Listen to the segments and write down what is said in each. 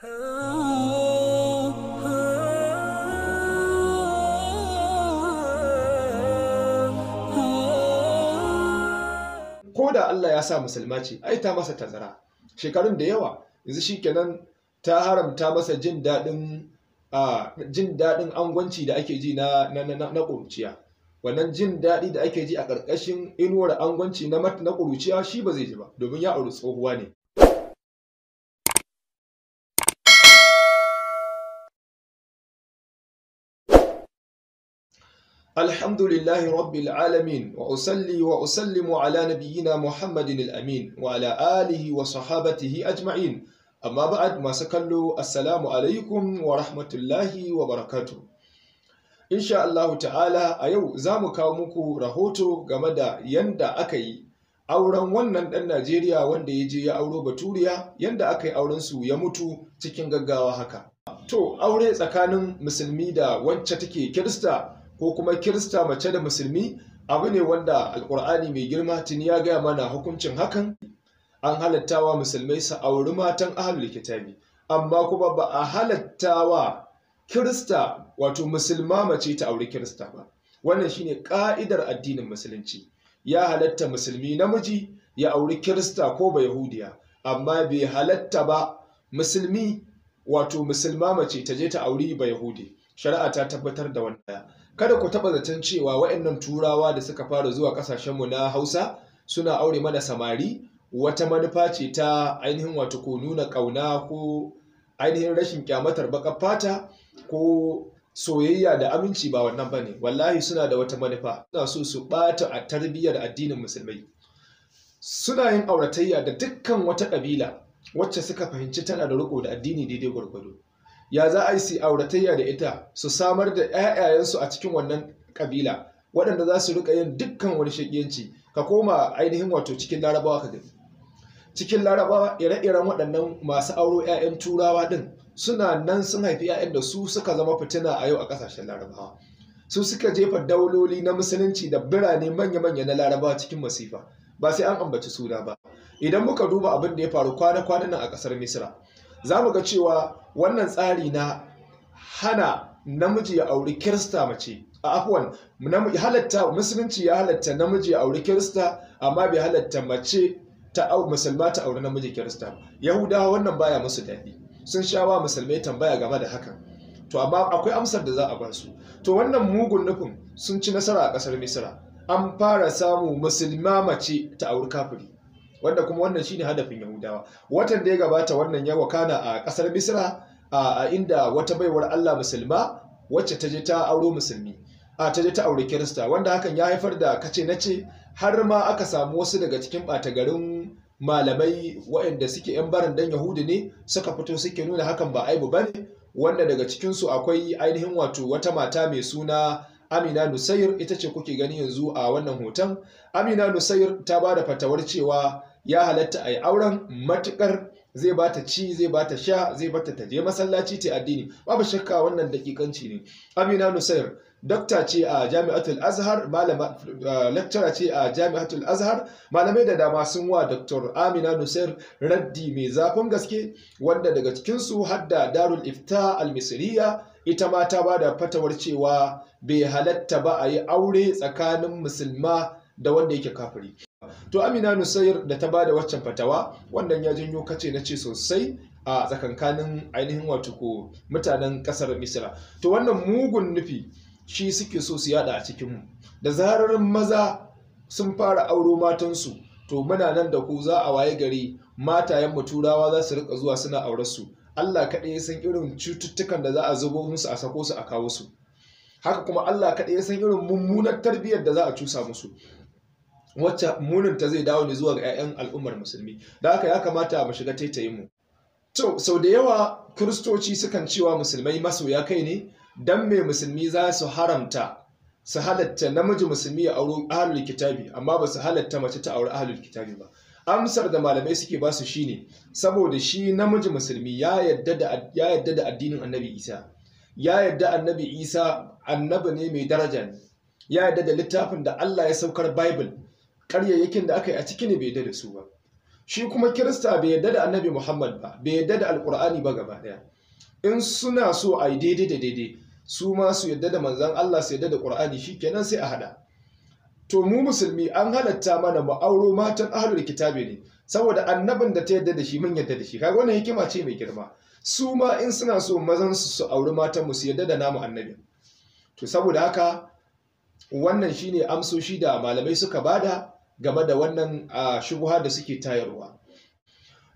Ko da Allah ya sa musulma ce, ai ta masa tazara. Shekarun da yawa, yanzu shi kenan ta haramta masa jin daɗin jin daɗin angwanci da ake ji na ƙuruciya. Wannan jin daɗi da ake ji a ƙarƙashin inuwar angwanci na na ƙuruciya shi ba zai ji ba, domin ya auri tsohuwa ne. الحمد لله رب العالمين وأصلي وأسلم على نبينا محمد الأمين وعلى آله وصحابته أجمعين أما بعد ما سكلوا السلام عليكم ورحمة الله وبركاته إن شاء الله تعالى أيو زامو كاوموكو رهوتو غمدا يندا أكي auren wannan ɗan Najeriya wanda ya je ya auro Baturiya yanda aka yi auren su ya mutu cikin gaggawa haka. To, aure tsakanin musulmi da wacce take Kirista ko kuma kirista mace da musulmi abu ne wanda alkur'ani mai girma tun ya gaya mana hukuncin hakan an halattawa musulmai su auri matan ahalul kitabi amma kuma ba a halattawa kirista wato musulma mace ta auri kirista ba wannan shine ka'idar addinin musulunci ya halatta musulmi namiji ya auri kirista ko ba yahudiya amma bai halatta ba musulmi wato musulma mace ta je ta auri ba yahudi shari'a ta tabbatar da wannan kada ku taba zaton cewa waɗannan turawa da suka fara zuwa mu na Hausa suna aure mana samari wata manufa ce ta ainihin wato ko nuna kauna ko ainihin rashin kyamatar baka fata ko soyayya da aminci ba wannan bane wallahi suna da wata manufa suna so su bata a tarbiyyar addinin musulmai suna yin auratayya da dukkan wata kabila wacce suka fahimci tana da riko da addini daidai gwargwado ya za a yi su auratayya da ita su samar da 'ya'yayensu a cikin wannan kabila waɗanda za su riƙa yin dukkan wani shakiyanci ka koma ainihin wato cikin larabawa ka gani cikin larabawa ire-iren waɗannan masu auro 'ya'yan turawa ɗin suna nan sun haifi 'ya'yan da su suka zama fitina a yau a ƙasashen larabawa su suka jefa dauloli na musulunci da birane manya-manya na larabawa cikin masifa ba sai an ambaci suna ba idan muka duba abin da ya faru kwana kwana nan a ƙasar misira za mu ga cewa wannan tsari na hana namiji ya auri kirista mace a afwan halatta musulunci ya halatta namiji ya auri kirista amma bai halatta mace ta au musulma ta auri namiji kirista yahudawa wannan baya musu daɗi sun sha shawa musulmai tambaya game da hakan to amma akwai amsar da za a ba su to wannan mugun nufin sun ci nasara a ƙasar misira an fara samu musulma mace ta auri kafiri wanda kuma wannan shine hadafin yahudawa watan da ya gabata wannan ya wakana a kasar misra a inda wata baiwar allah musulma wacce ta je ta auro musulmi a ta je ta aure kirista wanda hakan ya haifar da kace na ce har ma aka samu wasu daga cikin bata garin malamai waɗanda suke 'yan barin dan yahudi ne suka fito suke nuna hakan ba aibu ba ne wanda daga cikin su akwai ainihin wato wata mata mai suna Amina Nusayir ita ce kuke gani yanzu a wannan hoton. Amina Nusayir ta ba da fatawar cewa ya halatta a yi auren matukar zai ba ta ci zai ba ta sha zai ba ta je masallaci ta addini babu shakka wannan dakikanci ne amina nusair dokta ce a jami'atul azhar eh, lecturer ce a jami'atul azhar malamai da dama sun wa dr amina nusair raddi mai zafin gaske wanda daga cikinsu hadda darul ifta al-misriya ita ma ta ba da fatawar cewa bai halatta ba a yi aure tsakanin musulma da wanda yake kafiri to amina nusayir da ta bada waccan fatawa wannan ya janyo kace na ce sosai a tsakankanin ainihin wato ko mutanen kasar misira to wannan mugun nufi shi suke so su yada a cikin mu da zarar maza sun fara auro matansu to muna nan da ku za a waye gari matayen mu turawa za su rika zuwa suna su? Allah kaɗai ya san irin cututtukan da za a zubo musu a sako su a kawo su haka kuma Allah kaɗai ya san irin mummunan tarbiyyar da za a cusa musu wacce munin ta zai dawo ne zuwa ga 'ya'yan al'ummar musulmi da haka ya kamata mu shiga taitayin mu to sau da yawa kiristoci sukan cewa musulmai masoya kai ne don mai musulmi za su haramta su halatta namiji musulmi ya auri ahalul kitabi amma ba su halatta mace ta auri ahalul kitabi ba amsar da malamai suke ba su shine saboda shi namiji musulmi ya yadda da addinin annabi isa ya yadda annabi isa annabi ne mai daraja ya yadda da littafin da Allah ya saukar bible karyayyakin da aka yi a ciki ne bai yadda da su ba shi kuma kirista bai yadda da annabi muhammad ba bai yadda da alƙur'ani ba gaba ɗaya in suna so a yi daidai da daidai su ma su yadda da manzan allah su yadda da ƙur'ani shi kenan sai a haɗa to mu musulmi an halatta mana mu auro matan ahlul kitabe ne saboda annabin da ta yadda da shi mun yadda da shi kaga wannan hikima ce mai girma su ma in suna so mazan su su auri matan mu su yadda da namu annabi to saboda haka wannan shine amsoshi da malamai suka bada game da wannan shubuha da suke tayarwa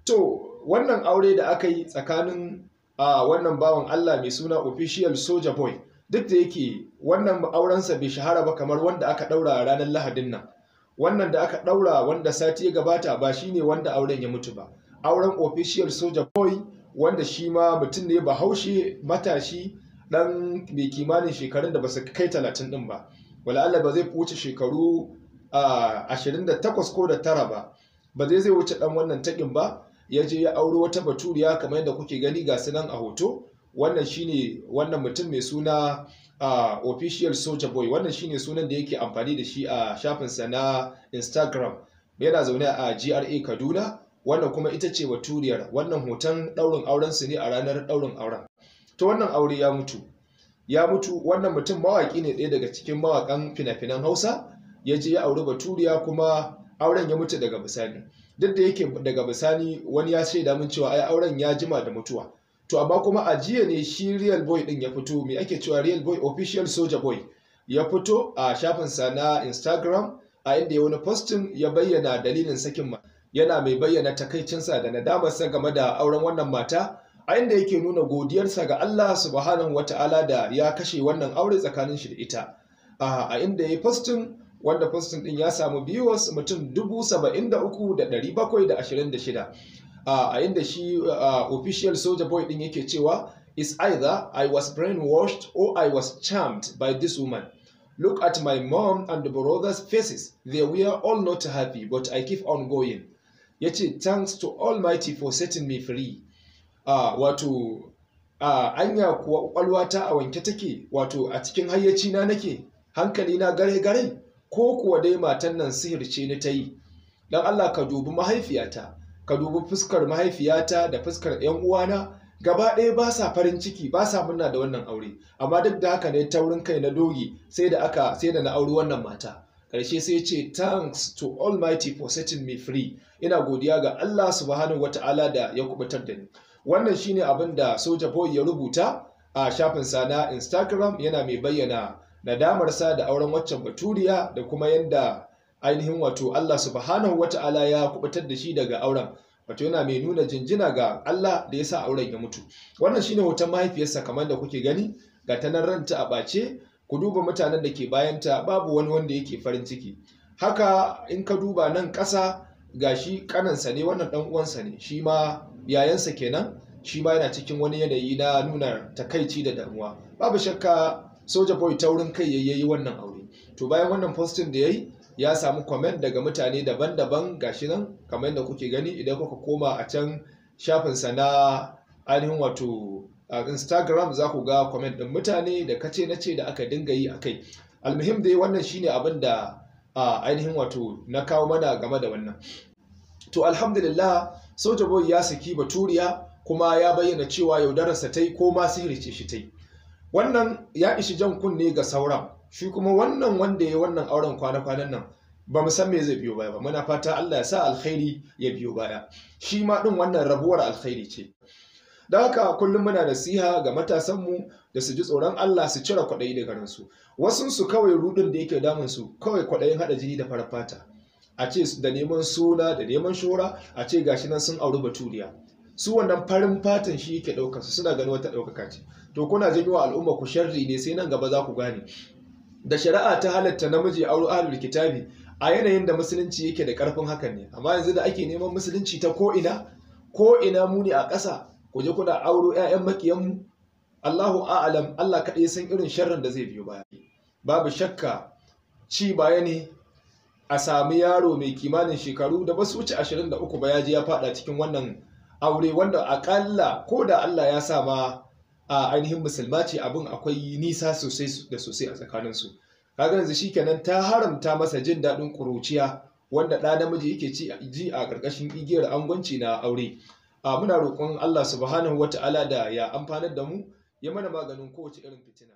to wannan aure da aka yi tsakanin wannan bawan Allah mai suna official soja boy duk da yake wannan aurensa bai shahara ba kamar wanda aka ɗaura ranar lahadin nan wannan da aka ɗaura wanda sati ya gabata ba shi ne wanda auren ya mutu ba auren official soja boy wanda shi ma mutum ne ba haushe matashi ɗan mai kimanin shekarun da ba su kai talatin ɗin ba wala Allah ba zai wuce shekaru 28 ko da tara ba ba zai zai wuce dan wannan takin ba ya je ya auro wata baturiya kamar yadda kuke gani ga su a hoto wannan shine wannan mutum mai suna uh, official soldier boy wannan shine sunan da yake amfani da shi a uh, shafinsa na instagram yana zaune a gra kaduna wannan kuma ita ce baturiyar wannan hoton auren aurensu ne a ranar daurin auren to wannan aure ya mutu ya mutu wannan mutum mawaki ne ɗaya daga cikin mawakan fina-finan hausa ya je ya auri baturiya kuma auren ya mutu daga bisani duk da yake daga bisani wani ya shaida min cewa ai auren ya jima da mutuwa to amma kuma a jiya ne shi real boy din ya fito me ake cewa real boy official soldier boy ya fito a shafinsa na instagram a inda ya wani postin ya bayyana dalilin sakin ma yana mai bayyana takaicinsa da nadamarsa game da auren wannan mata a inda yake nuna godiyarsa ga Allah subhanahu wata'ala da ya kashe wannan aure tsakanin shi da ita a inda ya postin wanda postin din ya samu viewers mutum 73,726 a inda shi official soldier boy din yake cewa is either I was brainwashed or I was charmed by this woman. Look at my mom and brother's faces. They were all not happy, but I keep on going. Ya ce, thanks to Almighty for setting me free. Uh, wato uh, anya kuwa kwakwalwata a wanke take, wato a cikin hayyacina nake, hankali na gare gare. ko kuwa dai matan nan sihir ce ni ta yi don Allah ka dubi mahaifiyata ka dubi fuskar mahaifiyata da fuskar yan uwana gaba ɗaya ba sa farin ciki ba sa murna da wannan aure amma duk da haka ne taurin kai na dogi sai da aka sai da na auri wannan mata ƙarshe sai ce thanks to almighty for setting me free ina godiya ga Allah subhanahu wata'ala da ya kubutar da ni wannan shine abin da soja boy ya rubuta a shafin sa na instagram yana mai bayyana nadamarsa da auren waccan baturiya da kuma yadda ainihin wato Allah subhanahu wata'ala ya kubutar da shi daga auren wato yana mai nuna jinjina ga Allah da ya sa auren ya mutu wannan shine hoton mahaifiyarsa kamar da kuke gani ga tanan ranta a ɓace ku duba mutanen da ke bayanta babu wani wanda yake farin ciki haka in ka duba nan ƙasa ga shi ƙanansa ne wannan ɗan uwansa ne shi ma yayansa kenan shi ma yana cikin wani yanayi na nuna takaici da damuwa babu shakka soja boy taurin kai ya yi wannan aure to bayan wannan postin da ya yi ya samu comment daga mutane daban-daban gashi nan kamar da kuke gani idan kuka koma a can shafinsa na ainihin wato a instagram za ku ga comment din mutane da kace na ce da aka dinga yi a kai almuhim dai wannan shine abin da ainihin wato na kawo mana game da wannan to alhamdulillah soja boy ya saki baturiya kuma ya bayyana cewa yaudararsa ta yi ko ma ce shi tai. wannan ya ishi jan kunne ga sauran shi kuma wannan wanda ya wannan auren kwana-kwanan nan ba mu san me zai biyo baya ba muna fata Allah ya sa alkhairi ya biyo baya shi ma ɗin wannan rabuwar alkhairi ce da haka kullum muna nasiha ga matasanmu da su ji tsoron Allah su cire kwaɗayi daga su wasun su kawai rudin da yake damun su kawai kwaɗayin haɗa jini da farar fata a ce da neman suna da neman shora a ce gashi nan sun auri baturiya su wannan farin fatan shi yake su suna ganin wata ɗaukaka ce to kuna janyo al'umma ku sharri ne sai nan gaba za ku gane da shari'a ta halatta namiji aure ahlul kitabi a yanayin da musulunci yake da karfin hakan ne amma yanzu da ake neman musulunci ta ko'ina. Ko'ina ko ina muni a ƙasa ku je kuna auro ƴaƴan mu. Allahu a'lam Allah kaɗai san irin sharrin da zai biyo baya babu shakka ci baya ne a sami yaro mai kimanin shekaru da ba ashirin da uku ba ya je ya fada cikin wannan aure wanda akalla ko da Allah ya sa ma a ainihin musulma ce abin akwai nisa sosai da sosai a tsakaninsu kaga yanzu kenan ta haramta masa jin daɗin ƙuruciya wanda ɗa namiji yake ji a ƙarƙashin igiyar angwanci na aure a muna roƙon Allah subhanahu Ta'ala da ya amfanar da mu ya mana maganin kowace irin fitina